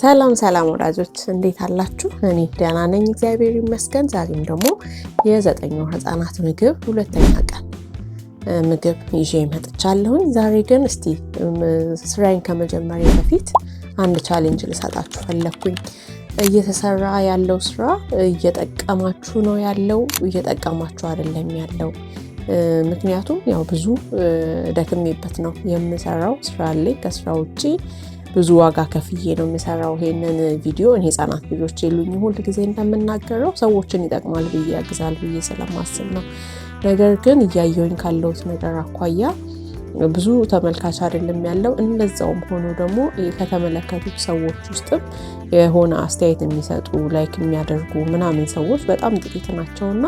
ሰላም ሰላም ወዳጆች እንዴት አላችሁ? እኔ ደህና ነኝ እግዚአብሔር ይመስገን። ዛሬም ደግሞ የዘጠኝ ወር ህጻናት ምግብ ሁለተኛ ቀን ምግብ ይዤ መጥቻለሁኝ። ዛሬ ግን እስቲ ስራዬን ከመጀመሪያ በፊት አንድ ቻሌንጅ ልሰጣችሁ ፈለግኩኝ። እየተሰራ ያለው ስራ እየጠቀማችሁ ነው ያለው? እየጠቀማችሁ አይደለም ያለው? ምክንያቱም ያው ብዙ ደክሜበት ነው የምሰራው ስራ አለኝ ከስራ ውጭ ብዙ ዋጋ ከፍዬ ነው የምሰራው ይሄንን ቪዲዮ። እኔ ህጻናት ልጆች የሉኝ፣ ሁል ጊዜ እንደምናገረው ሰዎችን ይጠቅማል ብዬ ያግዛል ብዬ ስለማስብ ነው። ነገር ግን እያየውኝ ካለውት ነገር አኳያ ብዙ ተመልካች አይደለም ያለው። እንደዛውም ሆኖ ደግሞ ከተመለከቱት ሰዎች ውስጥም የሆነ አስተያየት የሚሰጡ ላይክ የሚያደርጉ ምናምን ሰዎች በጣም ጥቂት ናቸውና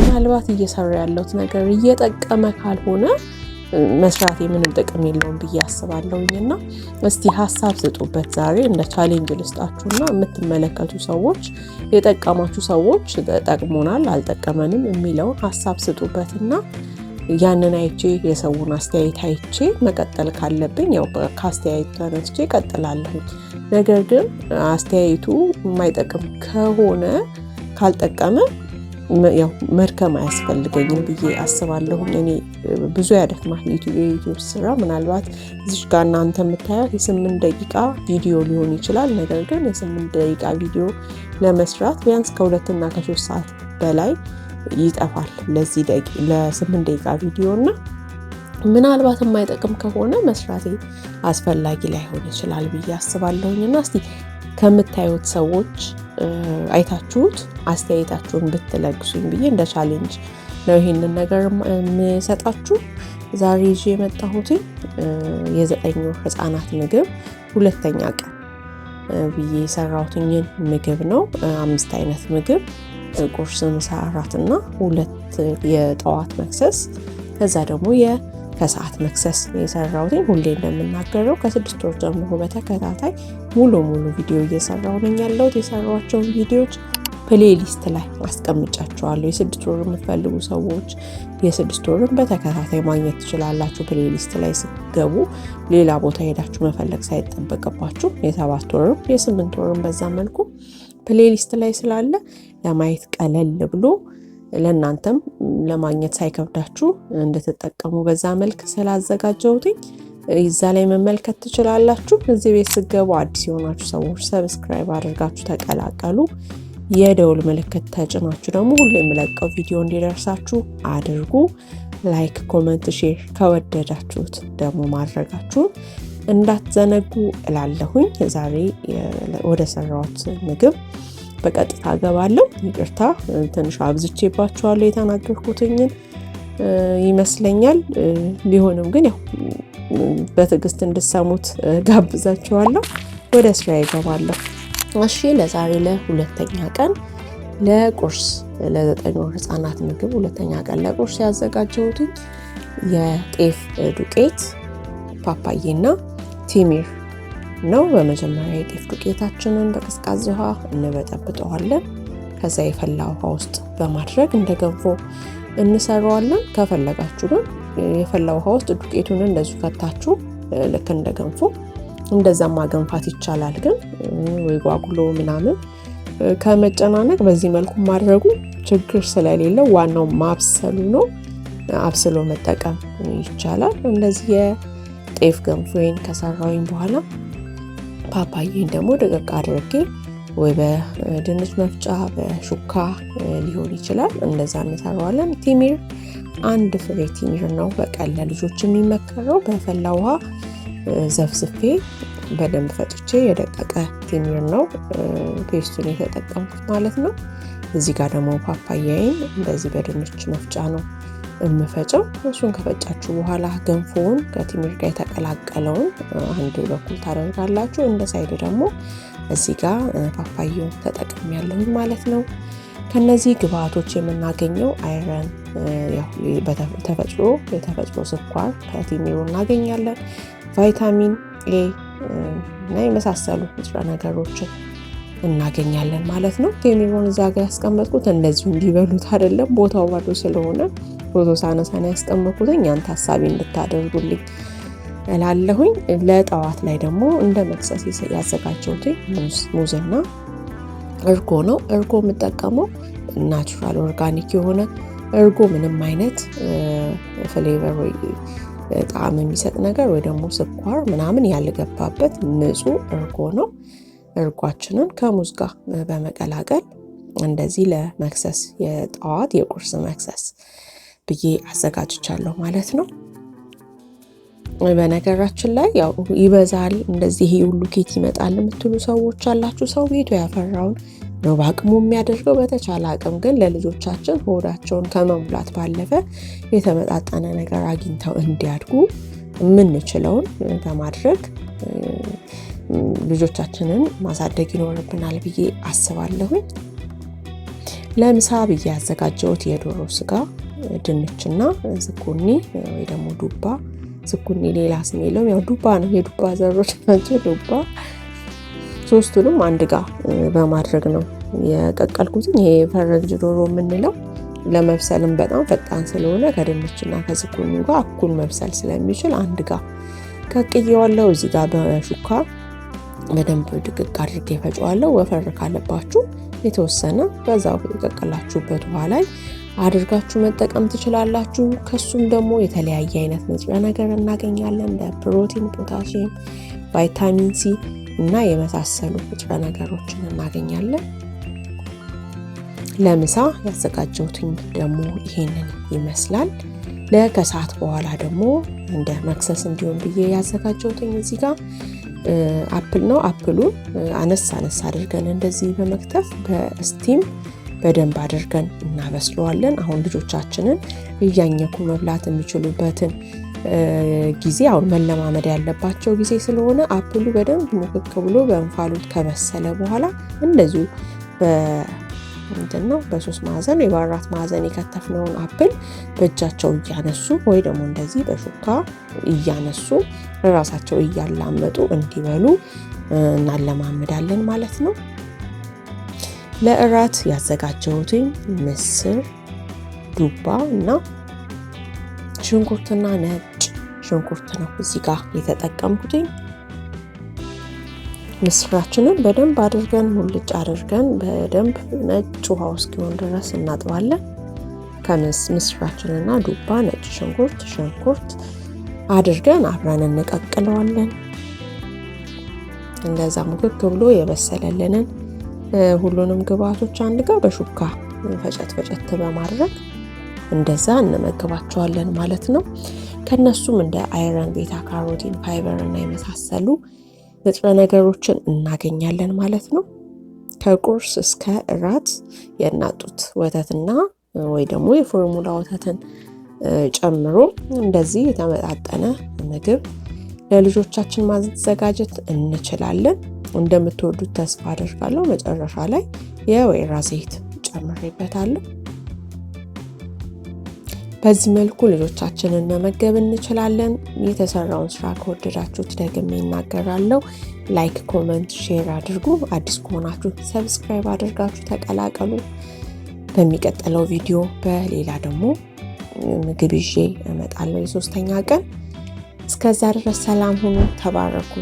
ምናልባት እየሰራ ያለውት ነገር እየጠቀመ ካልሆነ መስራት የምንም ጥቅም የለውም ብዬ አስባለሁኝ። እና እስቲ ሀሳብ ስጡበት ዛሬ እንደ ቻሌንጅ ልስጣችሁና የምትመለከቱ ሰዎች የጠቀማችሁ ሰዎች ጠቅሞናል፣ አልጠቀመንም የሚለውን ሀሳብ ስጡበት እና ያንን አይቼ የሰውን አስተያየት አይቼ መቀጠል ካለብኝ ያው ከአስተያየቱ ተነስቼ እቀጥላለሁ። ነገር ግን አስተያየቱ የማይጠቅም ከሆነ ካልጠቀመ ያው መድከም አያስፈልገኝም ብዬ አስባለሁኝ እኔ ብዙ ያደክማል የዩቲዩብ ስራ። ምናልባት እዚሽ ጋር እናንተ የምታየው የስምንት ደቂቃ ቪዲዮ ሊሆን ይችላል። ነገር ግን የስምንት ደቂቃ ቪዲዮ ለመስራት ቢያንስ ከሁለትና ከሶስት ሰዓት በላይ ይጠፋል ለዚህ ለስምንት ደቂቃ ቪዲዮ እና ምናልባት የማይጠቅም ከሆነ መስራቴ አስፈላጊ ላይሆን ይችላል ብዬ አስባለሁኝ እና እስቲ ከምታዩት ሰዎች አይታችሁት አስተያየታችሁን ብትለግሱኝ ብዬ እንደ ቻሌንጅ ነው ይሄንን ነገር የምሰጣችሁ። ዛሬ ይዤ የመጣሁትኝ የዘጠኝ ወር ህፃናት ምግብ ሁለተኛ ቀን ብዬ የሰራሁትኝን ምግብ ነው። አምስት አይነት ምግብ ቁርስ፣ ምሳ፣ እራት እና ሁለት የጠዋት መክሰስ ከዛ ደግሞ ከሰዓት መክሰስ የሰራሁትኝ ሁሌ እንደምናገረው ከስድስት ወር ጀምሮ በተከታታይ ሙሉ ሙሉ ቪዲዮ እየሰራሁ ነኝ ያለሁት። የሰራኋቸውን ቪዲዮዎች ፕሌሊስት ላይ አስቀምጫቸዋለሁ። የስድስት ወር የምትፈልጉ ሰዎች የስድስት ወርን በተከታታይ ማግኘት ትችላላችሁ። ፕሌሊስት ላይ ስትገቡ ሌላ ቦታ ሄዳችሁ መፈለግ ሳይጠበቅባችሁ የሰባት ወርም የስምንት ወርም በዛ መልኩ ፕሌሊስት ላይ ስላለ ለማየት ቀለል ብሎ ለእናንተም ለማግኘት ሳይከብዳችሁ እንድትጠቀሙ በዛ መልክ ስላዘጋጀሁትኝ እዛ ላይ መመልከት ትችላላችሁ። እዚህ ቤት ስገቡ አዲስ የሆናችሁ ሰዎች ሰብስክራይብ አድርጋችሁ ተቀላቀሉ። የደውል ምልክት ተጭናችሁ ደግሞ ሁሉ የምለቀው ቪዲዮ እንዲደርሳችሁ አድርጉ። ላይክ፣ ኮመንት፣ ሼር ከወደዳችሁት ደግሞ ማድረጋችሁን እንዳትዘነጉ እላለሁኝ። ዛሬ ወደ ሰራሁት ምግብ በቀጥታ እገባለሁ። ይቅርታ ትንሽ አብዝቼባችኋለሁ የተናገርኩትኝን ይመስለኛል። ቢሆንም ግን ያው በትዕግስት እንድሰሙት ጋብዛችኋለሁ። ወደ ስራ ይገባለሁ። እሺ ለዛሬ ለሁለተኛ ቀን ለቁርስ ለዘጠኝ ወር ህፃናት ምግብ ሁለተኛ ቀን ለቁርስ ያዘጋጀሁት የጤፍ ዱቄት ፓፓዬና ቲሚር ነው። በመጀመሪያ የጤፍ ዱቄታችንን በቀዝቃዜ ውሃ እንበጠብጠዋለን። ከዛ የፈላ ውሃ ውስጥ በማድረግ እንደ ገንፎ እንሰራዋለን። ከፈለጋችሁ ግን የፈላ ውሃ ውስጥ ዱቄቱን እንደዚሁ ከታችሁ ልክ እንደ ገንፎ እንደዛ ማገንፋት ይቻላል። ግን ወይ ጓጉሎ ምናምን ከመጨናነቅ በዚህ መልኩ ማድረጉ ችግር ስለሌለው ዋናው ማብሰሉ ነው። አብስሎ መጠቀም ይቻላል። እንደዚህ የጤፍ ገንፎዬን ከሰራሁኝ በኋላ ፓፓዬን ደግሞ ደቀቅ አድርጌ ወይ በድንች መፍጫ በሹካ ሊሆን ይችላል፣ እንደዛ እንሰራዋለን። ቲሚር አንድ ፍሬ ቲሚር ነው በቀን ለልጆች የሚመከረው በፈላ ውሃ ዘፍዝፌ በደንብ ፈጭቼ የደቀቀ ቲምር ነው ፔስቱን የተጠቀምኩት ማለት ነው። እዚህ ጋር ደግሞ ፓፓያይን እንደዚህ በድንች መፍጫ ነው የምፈጨው። እሱን ከፈጫችሁ በኋላ ገንፎውን ከቲምር ጋር የተቀላቀለውን አንድ በኩል ታደርጋላችሁ። እንደ ሳይድ ደግሞ እዚህ ጋር ፓፓያውን ተጠቅም ያለሁኝ ማለት ነው። ከነዚህ ግብአቶች የምናገኘው አይረን ተፈጥሮ የተፈጥሮ ስኳር ከቲሚሩ እናገኛለን። ቫይታሚን ኤ እና የመሳሰሉ ንጥረ ነገሮችን እናገኛለን ማለት ነው። ቴምሮን እዛ ጋር ያስቀመጥኩት እንደዚሁ እንዲበሉት አይደለም፣ ቦታው ባዶ ስለሆነ ፎቶ ሳነሳና ያስቀመጥኩት ያን ታሳቢ እንድታደርጉልኝ እላለሁኝ። ለጠዋት ላይ ደግሞ እንደ መቅሰስ ያዘጋጀሁት ሙዝና እርጎ ነው። እርጎ የምጠቀመው ናቹራል ኦርጋኒክ የሆነ እርጎ ምንም አይነት ፍሌቨር ጣዕም የሚሰጥ ነገር ወይ ደግሞ ስኳር ምናምን ያልገባበት ንጹህ እርጎ ነው። እርጓችንን ከሙዝ ጋር በመቀላቀል እንደዚህ ለመክሰስ የጠዋት የቁርስ መክሰስ ብዬ አዘጋጅቻለሁ ማለት ነው። በነገራችን ላይ ያው ይበዛል እንደዚህ ሁሉ ኬት ይመጣል የምትሉ ሰዎች አላችሁ። ሰው ቤቱ ያፈራውን ነው በአቅሙ የሚያደርገው። በተቻለ አቅም ግን ለልጆቻችን ሆዳቸውን ከመሙላት ባለፈ የተመጣጠነ ነገር አግኝተው እንዲያድጉ የምንችለውን በማድረግ ልጆቻችንን ማሳደግ ይኖርብናል ብዬ አስባለሁኝ። ለምሳ ብዬ ያዘጋጀሁት የዶሮ ስጋ፣ ድንችና ዝኩኒ ወይ ደግሞ ዱባ። ዝኩኒ ሌላ ስም የለውም፣ ያው ዱባ ነው። የዱባ ዘሮች ናቸው ዱባ ሶስቱንም አንድ ጋር በማድረግ ነው የቀቀልኩት ይሄ ፈረንጅ ዶሮ የምንለው ለመብሰልም በጣም ፈጣን ስለሆነ ከድንችና ከዝኩኒ ጋር እኩል መብሰል ስለሚችል አንድ ጋር ቀቅዬዋለሁ። እዚህ ጋር በሹካ በደንብ ድቅቅ አድርጌ ፈጨዋለሁ። ወፈር ካለባችሁ የተወሰነ በዛው የቀቀላችሁበት ውሃ ላይ አድርጋችሁ መጠቀም ትችላላችሁ። ከሱም ደግሞ የተለያየ አይነት ንጥረ ነገር እናገኛለን። ለፕሮቲን፣ ፖታሲየም፣ ቫይታሚን ሲ እና የመሳሰሉ ንጥረ ነገሮችን እናገኛለን። ለምሳ ያዘጋጀሁትኝ ደግሞ ይሄንን ይመስላል። ለከሰዓት በኋላ ደግሞ እንደ መክሰስ እንዲሆን ብዬ ያዘጋጀሁትኝ እዚህ ጋር አፕል ነው። አፕሉን አነስ አነስ አድርገን እንደዚህ በመክተፍ በስቲም በደንብ አድርገን እናበስለዋለን። አሁን ልጆቻችንን እያኘኩ መብላት የሚችሉበትን ጊዜ አሁን መለማመድ ያለባቸው ጊዜ ስለሆነ አፕሉ በደንብ ሙክክ ብሎ በእንፋሎት ከበሰለ በኋላ እንደዚሁ ምንድን ነው በሶስት ማዕዘን ወይ በአራት ማዕዘን የከተፍነውን አፕል በእጃቸው እያነሱ ወይ ደግሞ እንደዚህ በሹካ እያነሱ ራሳቸው እያላመጡ እንዲበሉ እናለማምዳለን ማለት ነው። ለእራት ያዘጋጀሁትኝ ምስር፣ ዱባ እና ሽንኩርትና ነጭ ሽንኩርት ነው እዚህ ጋር የተጠቀምኩትኝ። ምስራችንን በደንብ አድርገን ሙልጭ አድርገን በደንብ ነጭ ውሃ እስኪሆን ድረስ እናጥባለን። ምስራችንና ዱባ፣ ነጭ ሽንኩርት፣ ሽንኩርት አድርገን አብረን እንቀቅለዋለን። እንደዛ ሙክክ ብሎ የበሰለልንን ሁሉንም ግብአቶች አንድ ጋር በሹካ ፈጨት ፈጨት በማድረግ እንደዛ እንመግባቸዋለን ማለት ነው። ከነሱም እንደ አይረን፣ ቤታ ካሮቲን፣ ፋይበር እና የመሳሰሉ ንጥረ ነገሮችን እናገኛለን ማለት ነው። ከቁርስ እስከ እራት የእናት ጡት ወተትና ወይ ደግሞ የፎርሙላ ወተትን ጨምሮ እንደዚህ የተመጣጠነ ምግብ ለልጆቻችን ማዘጋጀት እንችላለን። እንደምትወዱት ተስፋ አደርጋለሁ። መጨረሻ ላይ የወይራ ዘይት ጨምሬበታለሁ። በዚህ መልኩ ልጆቻችንን መመገብ እንችላለን። የተሰራውን ስራ ከወደዳችሁት ደግሜ እናገራለሁ። ላይክ፣ ኮመንት፣ ሼር አድርጉ። አዲስ ከሆናችሁ ሰብስክራይብ አድርጋችሁ ተቀላቀሉ። በሚቀጥለው ቪዲዮ በሌላ ደግሞ ምግብ ይዤ እመጣለሁ። የሶስተኛ ቀን እስከዛ ድረስ ሰላም ሁኑ። ተባረኩ።